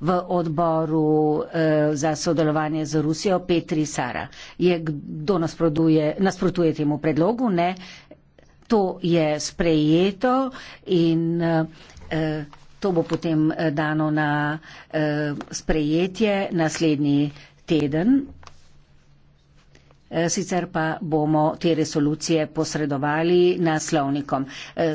v odboru eh, za sodelovanje z Rusijo Petri Sara. Je kdo nasproduje, nasprotuje temu predlogu? Ne. To je sprejeto in eh, to bo potem eh, dano na sprejetje naslednji teden. Sicer pa bomo te resolucije posredovali naslovnikom.